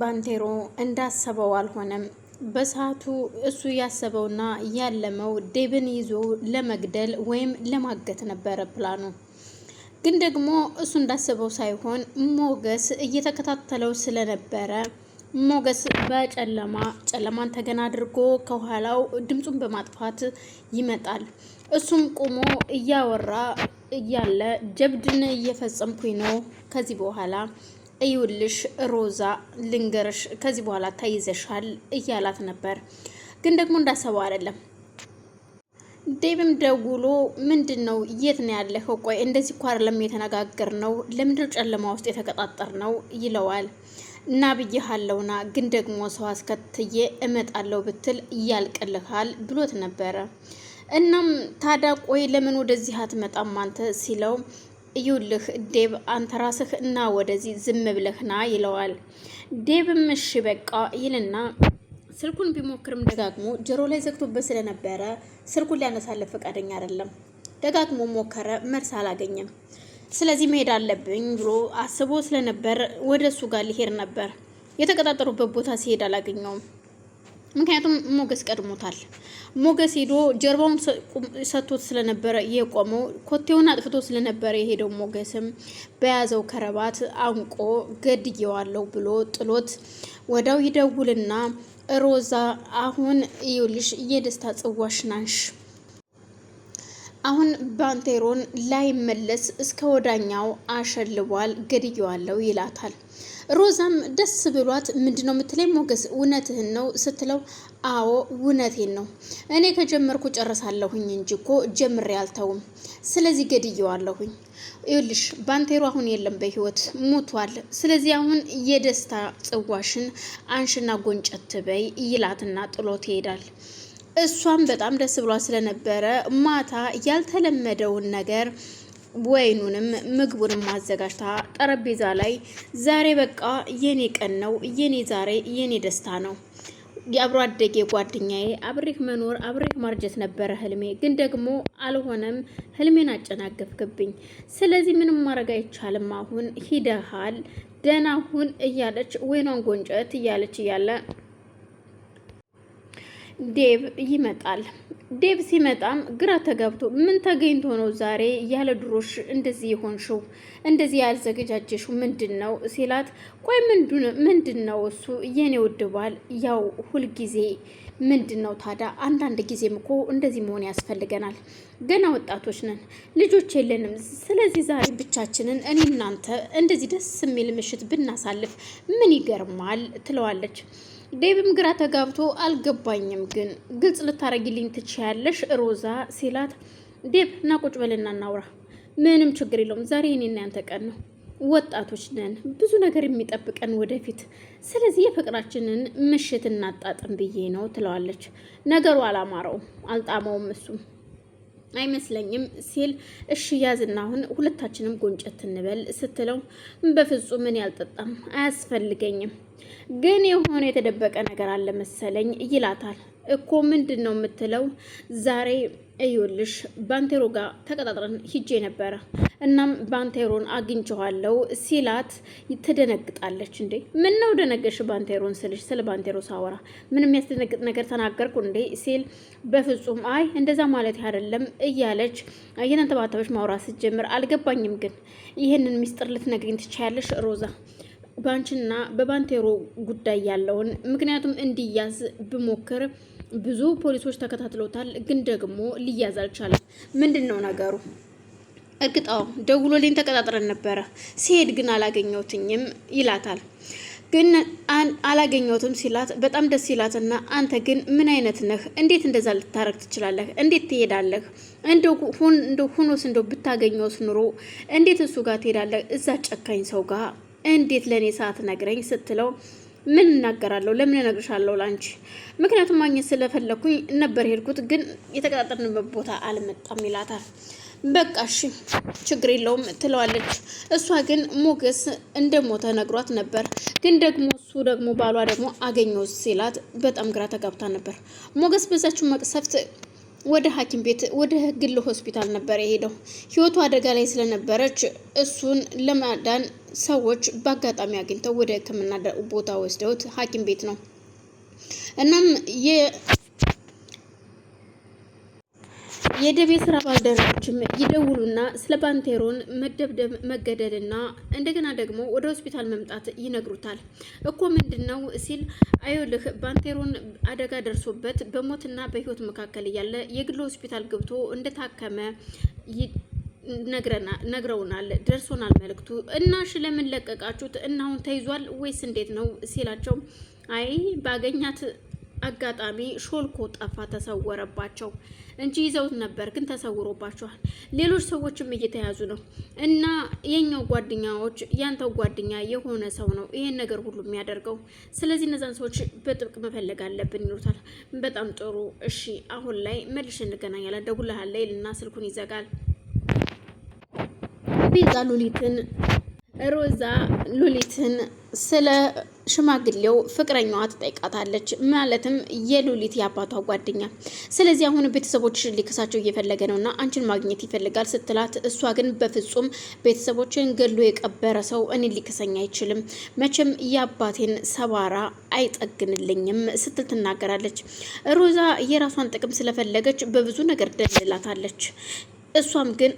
ባንቴሮ እንዳሰበው አልሆነም። በሰዓቱ እሱ ያሰበውና ያለመው ዴብን ይዞ ለመግደል ወይም ለማገት ነበረ ፕላኑ። ግን ደግሞ እሱ እንዳሰበው ሳይሆን ሞገስ እየተከታተለው ስለነበረ ሞገስ በጨለማ ጨለማን ተገና አድርጎ ከኋላው ድምፁን በማጥፋት ይመጣል። እሱም ቁሞ እያወራ እያለ ጀብድን እየፈጸምኩኝ ነው ከዚህ በኋላ እይውልሽ ሮዛ ልንገርሽ፣ ከዚህ በኋላ ተይዘሻል እያላት ነበር። ግን ደግሞ እንዳሰበው አይደለም። ዴብም ደውሎ ምንድን ነው የት ነው ያለህ? ቆይ እንደዚህ እኮ አይደለም የተነጋገር ነው ለምንድነው ጨለማ ውስጥ የተቀጣጠር ነው ይለዋል። እና ብዬሃለውና ግን ደግሞ ሰው አስከትዬ እመጣለሁ ብትል እያልቅልሃል ብሎት ነበረ። እናም ታዲያ ቆይ ለምን ወደዚህ አትመጣም አንተ ሲለው ይውልህ ዴብ አንተ ራስህ እና ወደዚህ ዝም ብለህና ይለዋል። ዴብም እሺ በቃ ይልና ስልኩን ቢሞክርም ደጋግሞ ጆሮ ላይ ዘግቶበት ስለነበረ ስልኩን ሊያነሳለ ፈቃደኛ አይደለም። ደጋግሞ ሞከረ፣ መልስ አላገኘም። ስለዚህ መሄድ አለብኝ ብሎ አስቦ ስለነበር ወደ እሱ ጋር ሊሄድ ነበር። የተቀጣጠሩበት ቦታ ሲሄድ አላገኘውም። ምክንያቱም ሞገስ ቀድሞታል። ሞገስ ሄዶ ጀርባውን ሰጥቶት ስለነበረ የቆመው ኮቴውን አጥፍቶ ስለነበረ የሄደው ሞገስም በያዘው ከረባት አንቆ ገድየዋለሁ ብሎ ጥሎት ወዳው ይደውልና ሮዛ አሁን ይኸውልሽ የደስታ ጽዋሽ ናሽ አሁን ባንቴሮን ላይመለስ እስከ ወዳኛው አሸልቧል ገድየዋለሁ ይላታል። ሮዛም ደስ ብሏት ምንድን ነው የምትለኝ ሞገስ እውነትህን ነው ስትለው፣ አዎ እውነቴን ነው እኔ ከጀመርኩ ጨርሳለሁኝ እንጂ እኮ ጀምሬ አልተውም። ስለዚህ ገድየዋለሁኝ። ይኸውልሽ ባንቴሮ አሁን የለም በህይወት ሙቷል ስለዚህ አሁን የደስታ ጽዋሽን አንሽና ጎንጨት በይ ይላትና ጥሎት ይሄዳል። እሷም በጣም ደስ ብሏት ስለነበረ ማታ ያልተለመደውን ነገር ወይኑንም ምግቡንም አዘጋጅታ ጠረጴዛ ላይ ዛሬ በቃ የኔ ቀን ነው፣ የኔ ዛሬ የኔ ደስታ ነው። የአብሮ አደጌ ጓደኛዬ አብሬክ መኖር አብሬክ ማርጀት ነበረ ህልሜ፣ ግን ደግሞ አልሆነም። ህልሜን አጨናገፍክብኝ። ስለዚህ ምንም ማድረግ አይቻልም። አሁን ሂደሃል፣ ደህና ሁን እያለች ወይኗን ጎንጨት እያለች እያለ ዴብ ይመጣል። ዴብ ሲመጣም ግራ ተጋብቶ ምን ተገኝቶ ነው ዛሬ ያለ ድሮሽ እንደዚህ የሆንሽው እንደዚህ ያዘገጃጀሽው ምንድን ነው ሲላት፣ ቆይ ምንድን ነው እሱ የኔ ውድ ያው ሁልጊዜ ምንድን ነው ታዲያ፣ አንዳንድ ጊዜም እኮ እንደዚህ መሆን ያስፈልገናል። ገና ወጣቶች ነን፣ ልጆች የለንም። ስለዚህ ዛሬ ብቻችንን እኔ እናንተ እንደዚህ ደስ የሚል ምሽት ብናሳልፍ ምን ይገርማል ትለዋለች። ዴብም ግራ ተጋብቶ አልገባኝም፣ ግን ግልጽ ልታረጊልኝ ትችያለሽ ሮዛ ሲላት፣ ዴብ ና ቁጭ በልና እናውራ፣ ምንም ችግር የለውም። ዛሬ እኔና ያንተ ቀን ነው። ወጣቶች ነን፣ ብዙ ነገር የሚጠብቀን ወደፊት። ስለዚህ የፍቅራችንን ምሽት እናጣጥም ብዬ ነው ትለዋለች። ነገሩ አላማረውም፣ አልጣመውም እሱም አይመስለኝም ሲል እሺ ያዝና አሁን ሁለታችንም ጎንጨት እንበል ስትለው በፍጹም ምን ያልጠጣም አያስፈልገኝም፣ ግን የሆነ የተደበቀ ነገር አለ መሰለኝ ይላታል። እኮ ምንድን ነው የምትለው? ዛሬ እዩልሽ ባንቴሮ ጋር ተቀጣጥረን ሂጄ ነበረ እናም ባንቴሮን አግኝቼዋለሁ ሲላት ትደነግጣለች። እንዴ ምን ነው ደነገሽ? ባንቴሮን ስልሽ ስለ ባንቴሮ ሳወራ ምን የሚያስደነግጥ ነገር ተናገርኩ እንዴ ሲል በፍጹም አይ እንደዛ ማለት አይደለም እያለች እየተንተባተበች ማውራት ስትጀምር አልገባኝም፣ ግን ይህንን ሚስጥር ልትነግኝ ትችያለሽ ሮዛ ባንችና በባንቴሮ ጉዳይ ያለውን ምክንያቱም እንዲያዝ ብሞክር ብዙ ፖሊሶች ተከታትሎታል፣ ግን ደግሞ ሊያዝ አልቻለም። ምንድን ነው ነገሩ? እርግጣው ደውሎልኝ ተቀጣጥረን ነበረ። ሲሄድ ግን አላገኘሁትኝም ይላታል። ግን አላገኘሁትም ሲላት በጣም ደስ ይላትና አንተ ግን ምን አይነት ነህ? እንዴት እንደዛ ልታረግ ትችላለህ? እንዴት ትሄዳለህ? እንደ ሁኖስ እንደ ብታገኘውስ ኑሮ እንዴት እሱ ጋር ትሄዳለህ? እዛ ጨካኝ ሰው ጋር እንዴት ለእኔ ሰዓት ነግረኝ ስትለው ምን እናገራለሁ? ለምን እነግርሻለሁ ላንቺ? ምክንያቱም ማግኘት ስለፈለግኩኝ ነበር ሄድኩት፣ ግን የተቀጣጠርንበት ቦታ አልመጣም ይላታል። በቃ እሺ ችግር የለውም ትለዋለች። እሷ ግን ሞገስ እንደ ሞተ ነግሯት ነበር። ግን ደግሞ እሱ ደግሞ ባሏ ደግሞ አገኘው ሲላት በጣም ግራ ተጋብታ ነበር። ሞገስ በዛችው መቅሰፍት ወደ ሐኪም ቤት ወደ ግል ሆስፒታል ነበር የሄደው። ህይወቱ አደጋ ላይ ስለነበረች እሱን ለማዳን ሰዎች በአጋጣሚ አግኝተው ወደ ሕክምና ቦታ ወስደውት ሐኪም ቤት ነው። እናም የደቤ ስራ ባልደረቦችም ይደውሉና ስለ ባንቴሮን መደብደብ መገደልና እንደገና ደግሞ ወደ ሆስፒታል መምጣት ይነግሩታል። እኮ ምንድን ነው ሲል አይወልህ ባንቴሮን አደጋ ደርሶበት በሞትና በህይወት መካከል እያለ የግል ሆስፒታል ገብቶ እንደታከመ ነግረውናል፣ ደርሶናል መልእክቱ እና ሽ ለምን ለቀቃችሁት? እናሁን ተይዟል ወይስ እንዴት ነው ሲላቸው፣ አይ ባገኛት አጋጣሚ ሾልኮ ጠፋ፣ ተሰወረባቸው እንጂ ይዘውት ነበር፣ ግን ተሰውሮባቸዋል። ሌሎች ሰዎችም እየተያዙ ነው። እና የኛው ጓደኛዎች ያንተው ጓደኛ የሆነ ሰው ነው ይሄን ነገር ሁሉ የሚያደርገው። ስለዚህ እነዛን ሰዎች በጥብቅ መፈለግ አለብን ይሉታል። በጣም ጥሩ እሺ፣ አሁን ላይ መልሽ እንገናኛለን፣ ደውልልሃለሁ ይልና ስልኩን ይዘጋል። ቤዛ ሉሊትን ሮዛ ሉሊትን ስለ ሽማግሌው ፍቅረኛዋ ትጠይቃታለች። ማለትም የሉሊት የአባቷ ጓደኛ። ስለዚህ አሁን ቤተሰቦችሽን ሊከሳቸው እየፈለገ ነውና አንቺን ማግኘት ይፈልጋል ስትላት፣ እሷ ግን በፍጹም ቤተሰቦችን ገሎ የቀበረ ሰው እኔን ሊከሰኝ አይችልም፣ መቼም የአባቴን ሰባራ አይጠግንልኝም ስትል ትናገራለች። ሮዛ የራሷን ጥቅም ስለፈለገች በብዙ ነገር ደልላታለች። እሷም ግን